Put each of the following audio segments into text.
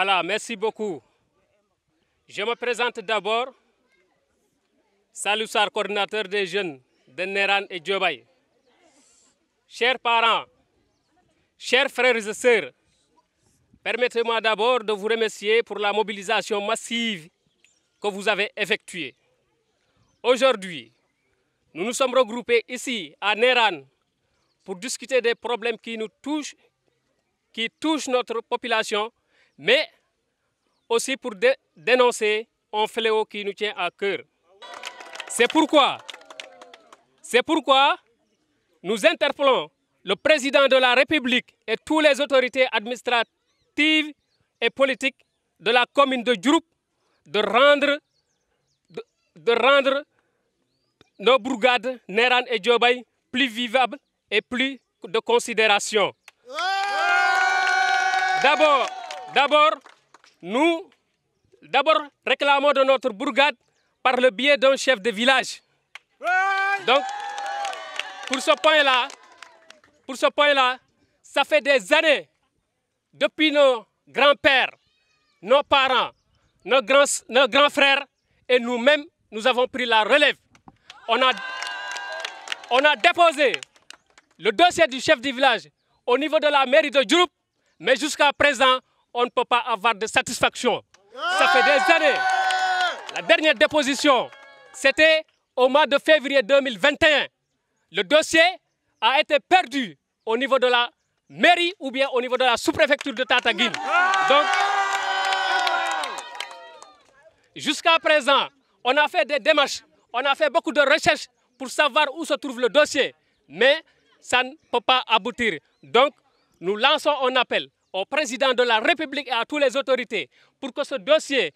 Voilà, merci beaucoup. Je me présente d'abord. Salou Sar, coordinateur des jeunes de Néran et Diobaye. Chers parents, chers frères et sœurs, permettez-moi d'abord de vous remercier pour la mobilisation massive que vous avez effectuée. Aujourd'hui, nous nous sommes regroupés ici à Néran pour discuter des problèmes qui nous touchent, qui touchent notre population mais aussi pour dé dénoncer un fléau qui nous tient à cœur. C'est pourquoi, c'est pourquoi nous interpellons le président de la République et tous les autorités administratives et politiques de la commune de Diouroup de rendre, de, de rendre nos bourgades Néran et Diobay plus vivables et plus de considération. D'abord, D'abord, nous d'abord réclamons de notre bourgade par le biais d'un chef de village. Donc, pour ce point-là, pour ce point-là, fait des années, depuis nos grands-pères, nos parents, nos grands, nos grands frères et nous-mêmes, nous avons pris la relève. On a, on déposé le dossier du chef du village au niveau de la mairie de Diouroup, mais jusqu'à présent, on ne peut pas avoir de satisfaction. Ça fait des années. La dernière déposition, c'était au mois de février 2021. Le dossier a été perdu au niveau de la mairie ou bien au niveau de la sous-préfecture de Tataguine. Donc, jusqu'à présent, on a fait des démarches, on a fait beaucoup de recherches pour savoir où se trouve le dossier, mais ça ne peut pas aboutir. Donc, nous lançons un appel au président de la République et à toutes les autorités pour que ce dossier,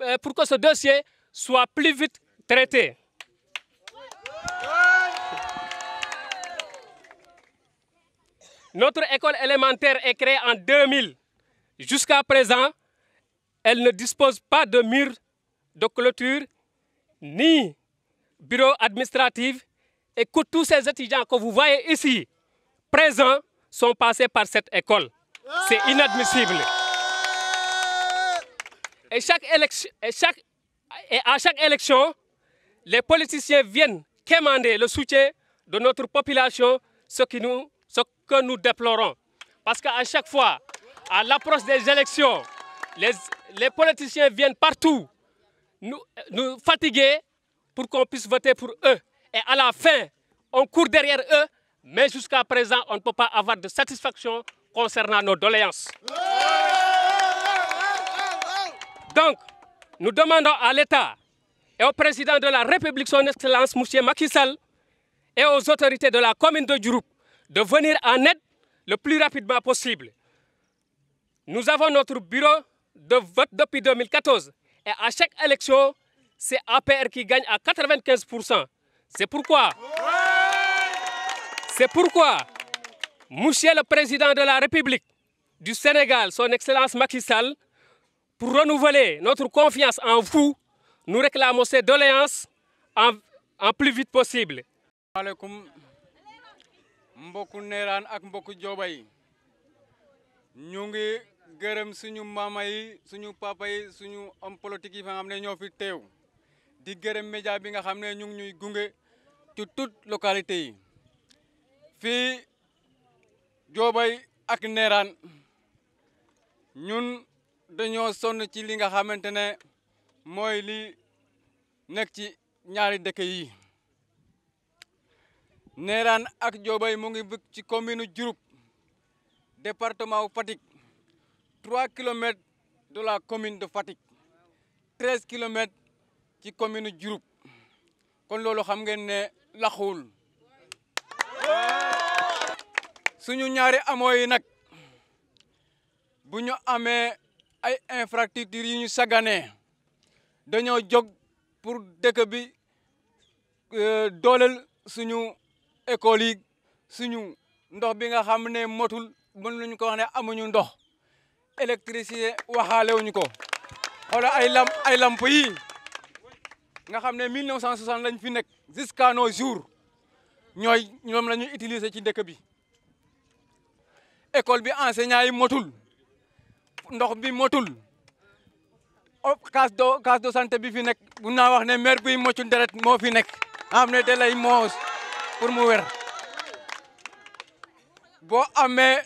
euh, pour que ce dossier soit plus vite traité. Notre école élémentaire est créée en 2000. Jusqu'à présent, elle ne dispose pas de mur de clôture ni bureau administratif et que tous ces étudiants que vous voyez ici présents sont passés par cette école. C'est inadmissible. Et, chaque élection, et, chaque, et à chaque élection, les politiciens viennent quémander le soutien de notre population, ce, qui nous, ce que nous déplorons. Parce qu'à chaque fois, à l'approche des élections, les, les, politiciens viennent partout nous, nous fatiguer pour qu'on puisse voter pour eux. Et à la fin, on court derrière eux, mais jusqu'à présent, on ne peut pas avoir de satisfaction concernant nos doléances. Donc, nous demandons à l'État et président de la République, son Excellence, M. Macky Sall, et de la commune de Djouroup de venir en le plus rapidement possible. Nous avons notre bureau de vote depuis 2014 et à chaque élection, c'est APR qui gagne à 95%. C'est pourquoi, c'est pourquoi Monsieur le Président de la République du Sénégal, Son Excellence Macky Sall, pour renouveler notre confiance en vous, nous réclamons ces doléances en, en plus vite possible. maaleykum mbokku neeraan ak mbokku jooba yi ñu ngi gërëm suñu maama yi suñu papa suñu homme politique yi fa am xam ne ñoo fi teew di gërëm média bi nga xam ne ñu ngi ñuy gunge ci toute localité yi joobay ak neeraan ñun dañoo sonn ci li nga xamante ne mooy li nekk ci ñaari dëkk yi neeraan ak joobay mu ngi bëgg ci commune Diouroup département wu Fatick trois kilomètres de la commune de Fatick treize kilomètres ci commune Diouroup kon loolu xam ngeen ne laxuwul suñu ñaari amoo yi nag bu ñu amee ay infrastructures yu ñu saganee dañoo jog pour dëkk bi euh, dooleel suñu école yi suñu ndox bi nga xam ne motul mën luñu ko wax ne amuñu ndox électricité waxaale wuñu ko wala ay lamp ay lamp yi nga xam ne 1960 lañ fi nekk jusqu'à nos jours ñooy ñoom la ñuy utiliser ci dëkk bi école bi enseignant yi motul ndox bi motul o oh, de case de santé bi fi nekk mun naa wax ne maire buy moccu deret moo fi nekk am xam ne da lay moos pour mu wér boo amee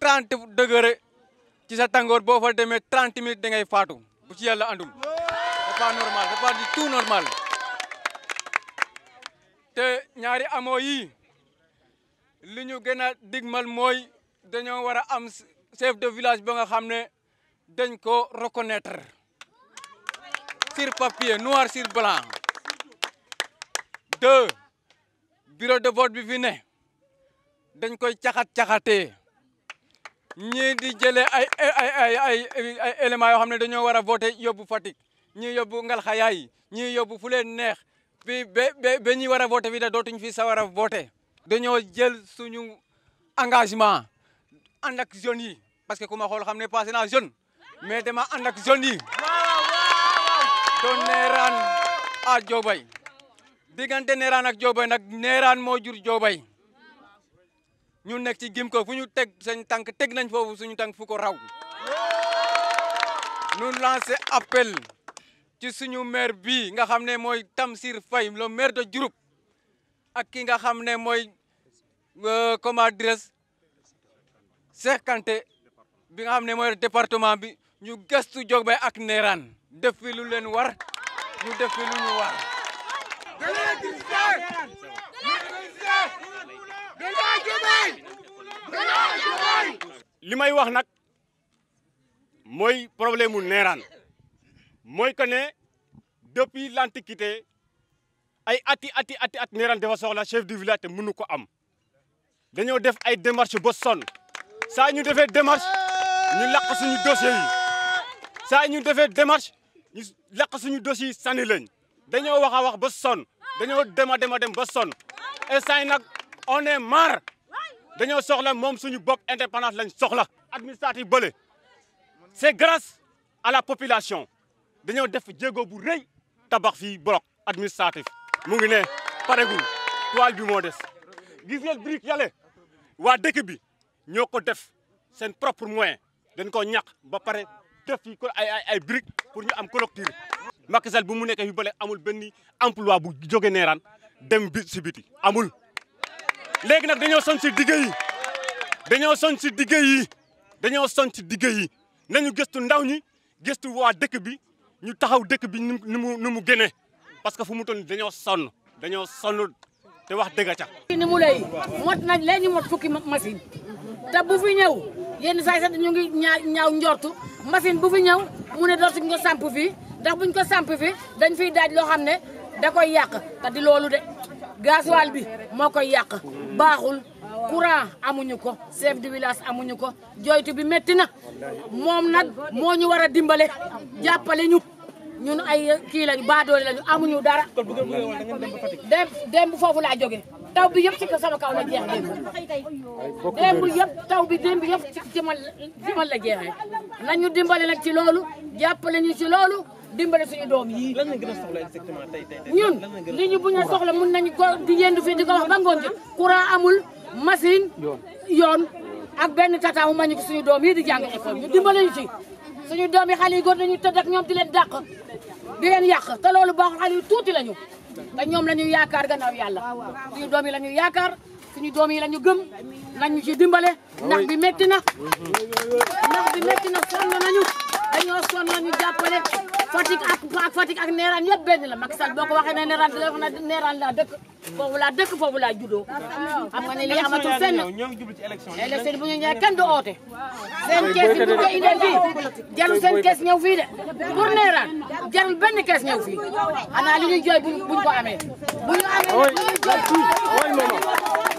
trente degré ci sa tàngoor boo fa demee trente minutes da ngay faatu bu ci yàlla andul c'est pas normal c'est pas du tout normal te ñaari amoo yi li ñu gën a digmal mooy dañoo war a am chef de village ba nga xam ne dañ ko reconnaitre sur papier noir sur blanc deux bureau de vote bi fi ne dañ koy caxat-caxatee ñii di jële ay ay ay ay ay yoo xam ne dañoo war a voter yóbbu Fatick ñii yóbbu Ngalxayaay ñii yóbbu fu leen neex fii ba ba ba ñi war a voter fii da dootuñ fi sawar a voter dañoo jël suñu engagement ànd ak jeunes yi parce que ku ma xam ne passé naa jeune mais dama ànd ak jeunes yi doon neeraan a joobay diggante neeraan ak joobay nag neeraan moo jur joobay ñu nekk ci gim ko fu ñu teg seen tànk teg nañ foofu suñu tànk fu ko raw nun lancé appel ci suñu maire bi nga xam ne mooy Tamsir Faye le maire de Diouroup ak ki nga xam ne mooy euh, comment dirais Cheikh Kanté bi nga xam ne mooy département bi ñu gëstu Diourbel ak neeraan def fi lu leen war ñu def fi lu ñu war. li may wax nag mooy problème mu Nerane mooy que ne depuis l'antiquité ay ati ati ati at Nerane dafa soxla chef du village te mënu ko am dañoo def ay démarches ba saa ñu defee démarche ñu laq suñu dossier yi saa ñu defee démarche ñu laq suñu dossier yi sànni lañ dañoo wax a wax ba sonn dañoo dem a dem a dem ba sonn instant yi nag on est dañoo soxla moom suñu bopp indépendance lañ soxla administratif bële c'est grâce à la population dañoo def jéego bu rëy tabax fii bloc administratif mu ngi ne paregul toile bi moo des gis yale waa dëkk bi ñoo ko def seen propre moyen dañ koo ñàq ba pare def yi ko ay ay ay briques pour ñu am clôture. Macky bu mu nekkee fi ba léegi amul benn emploi bu jóge neeran dem bi si biti amul. léegi nag dañoo son si digg yi dañoo son si digg yi dañoo son si yi nañu gëstu ndaw ñi gëstu waa dëkk bi ñu taxaw dëkk bi nu mu ni mu gënee parce que fu mu toll nii dañoo sonn dañoo sonn te wax dëgg ca. ni mu mot fukki machine te bu fi ñëw yenn saay sax ñu ngi ñaa ñaaw njortu machine bu fi ñëw mu ne dootuñ ko samp fii ndax buñ ko samp fi dañ fiy daaj loo xam ne da koy yàq te di loolu de gasoil bi moo koy yàq baaxul courant amuñu ko chef di village amuñu ko joytu bi métti na moom nag moo ñu war a dimbale jàppale ñu ñun ay kii lañu baadoole lañu amuñu dara dem dem foofu laa jóge taw bi yëpp ci ko sama kaw la jeex démb yëpp taw bi démb yëpp ci ci man ci man la jeexee nañu dimbale nag ci loolu jàppale ñu ci loolu dimbale suñu doom yii. lan la gën a soxla tey tey ñun li ñu buñ a soxla mun nañu ko di yendu fii di ko wax ba ngoon jot courant amul machine yoon ak benn tataawu ma ñu suñu doom yii di jàng école ñu dimbale ñu ci suñu doom yi xale yi góor nañu tëdd ak ñoom di leen dàq di leen yàq te loolu baax xale tuuti lañu te ñoom la ñuy yaakaar gannaaw yàlla suñu doom yi la ñuy yaakaar suñu doom yi la ñu gëm nañu ci dimbale ndax bi metti na ndax bi metti na sonn nañu dañoo sonnoon ñu jàppale Fatick ak ak ak Neeraan yëpp benn la Macky Sall boo ko waxee ne Neeraan dina wax ne Neeraan laa dëkk foofu laa dëkk foofu laa juddoo xam nga ne lii amatul fenn élection bu ñu ñëwee kenn du oote seen kees yi bu ko indee fii jarul seen kees ñëw fii de pour Neeraan jarul benn kees ñëw fii xanaa li ñuy jooy buñ ko amee bu ñu amee